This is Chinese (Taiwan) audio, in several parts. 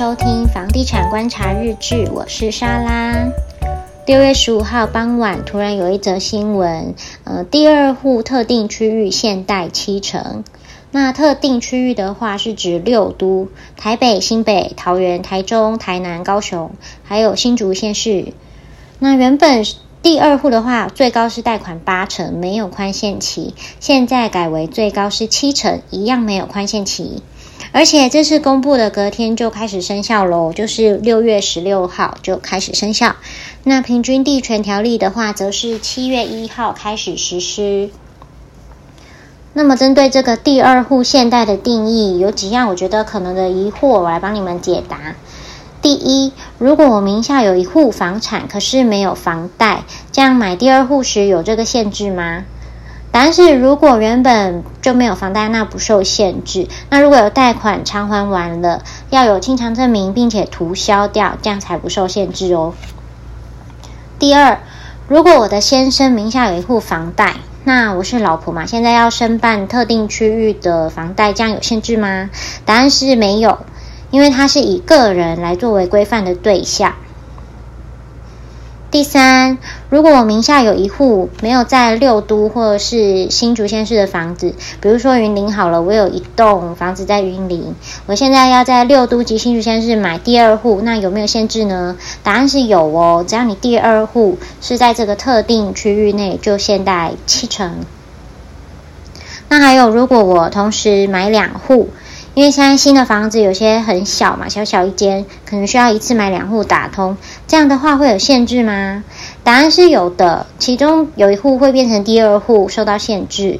收聽房地產觀察日誌，我是莎拉。六月十五號傍晚，突然有一則新聞，呃，第二戶特定區域限貸七成。那特定區域的話，是指六都：台北、新北、桃園、台中、台南、高雄，還有新竹縣市。那原本第二戶的話，最高是貸款八成，沒有寬限期，現在改為最高是七成，一樣沒有寬限期。而且這次公布的隔天就開始生效咯。就是六月十六號就開始生效。那平均地權條例的話，則是七月一號開始實施。那麼針對這個第二戶限貸的定義，有幾樣我覺得可能的疑惑，我來幫你們解答。第一，如果我名下有一戶房產，可是沒有房貸，這樣買第二戶時有這個限制嗎？答案是：如果原本就沒有房貸，那不受限制；那如果有貸款償還完了，要有清償證明，並且塗銷掉，這樣才不受限制哦。第二，如果我的先生名下有一戶房貸，那我是老婆嘛，現在要申辦特定區域的房貸，這樣有限制嗎？答案是沒有，因為他是以個人來作為規範的對象。第三，如果我名下有一戶沒有在六都或者是新竹縣市的房子，比如說雲林好了，我有一棟房子在雲林，我現在要在六都及新竹縣市買第二戶，那有沒有限制呢？答案是有哦，只要你第二戶是在這個特定區域內，就限貸七成。那還有，如果我同時買兩戶。因為現在新的房子有些很小嘛，小小一間，可能需要一次買兩戶打通，這樣的話會有限制嗎？答案是有的，其中有一戶會變成第二戶受到限制。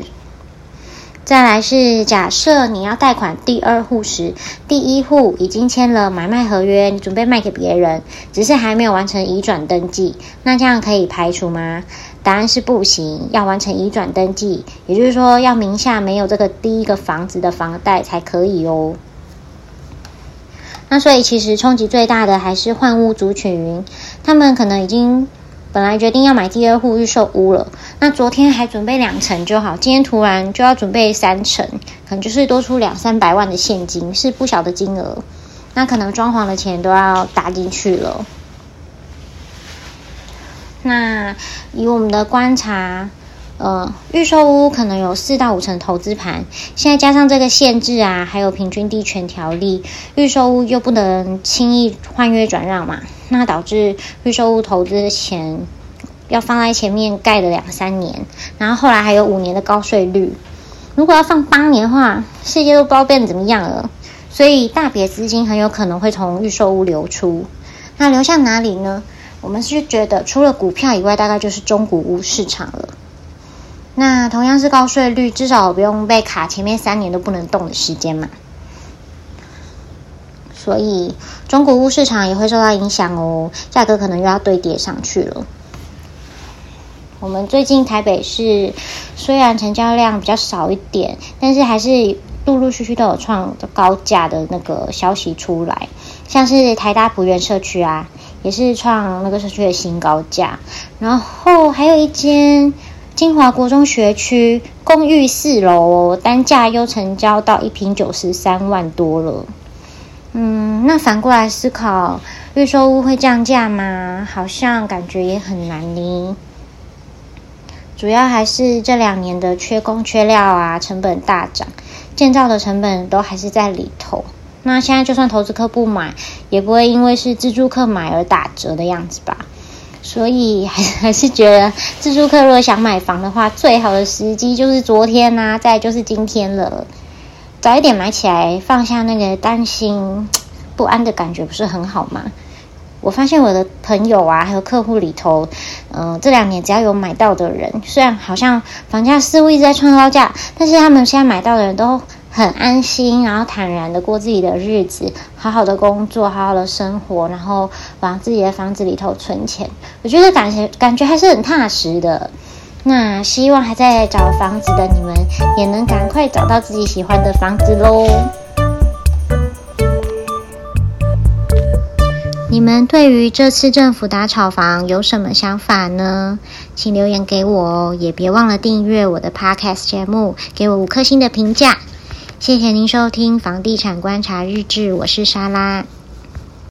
再來是假設你要貸款第二戶時，第一戶已經簽了買賣合約，你準備賣給別人，只是還沒有完成移轉登記，那這樣可以排除嗎？答案是不行，要完成移轉登記，也就是說要名下沒有這個第一個房子的房貸才可以哦。那所以其實衝擊最大的還是換屋族群，他們可能已經本來決定要買第二戶預售屋了，那昨天還準備兩成就好，今天突然就要準備三成，可能就是多出兩三百萬的現金，是不小的金額，那可能裝潢的錢都要打進去了。那以我們的觀察，呃，預售屋可能有四到五成投資盤，現在加上這個限制啊，還有平均地權條例，預售屋又不能輕易換約轉讓嘛，那導致預售屋投資的錢要放在前面蓋了兩三年，然後後來還有五年的高稅率，如果要放八年的話，世界都不知道變得怎麼樣了，所以大筆資金很有可能會從預售屋流出，那流向哪裡呢？我們是覺得除了股票以外，大概就是中古屋市場了。那同樣是高稅率，至少不用被卡前面三年都不能動的時間嘛。所以中古屋市場也會受到影響哦，價格可能又要堆疊上去了。我們最近台北市雖然成交量比較少一點，但是還是陸陸續續都有創高價的那個消息出來，像是台大璞園社區啊。也是創那個社區的新高價，然後還有一間金華國中學區公寓四樓，單價又成交到一坪九十三萬多了。嗯，那反過來思考，預售屋會降價嗎？好像感覺也很難呢。主要還是這兩年的缺工缺料啊，成本大漲，建造的成本都還是在裡頭。那現在就算投資客不買，也不會因為是自住客買而打折的樣子吧？所以還還是覺得自住客如果想買房的話，最好的時機就是昨天呐、啊，再就是今天了。早一點買起來，放下那個擔心不安的感覺，不是很好嗎？我發現我的朋友啊，還有客戶裡頭，嗯、呃，這兩年只要有買到的人，雖然好像房價似乎一直在創高價，但是他們現在買到的人都。很安心，然後坦然的過自己的日子，好好的工作，好好的生活，然後往自己的房子裡頭存錢。我覺得感感覺還是很踏實的。那希望還在找房子的你們，也能趕快找到自己喜歡的房子嘍！你們對於這次政府打炒房有什麼想法呢？請留言給我哦，也別忘了訂閱我的 Podcast 節目，給我五顆星的評價。謝謝您收聽《房地產觀察日誌》，我是莎拉。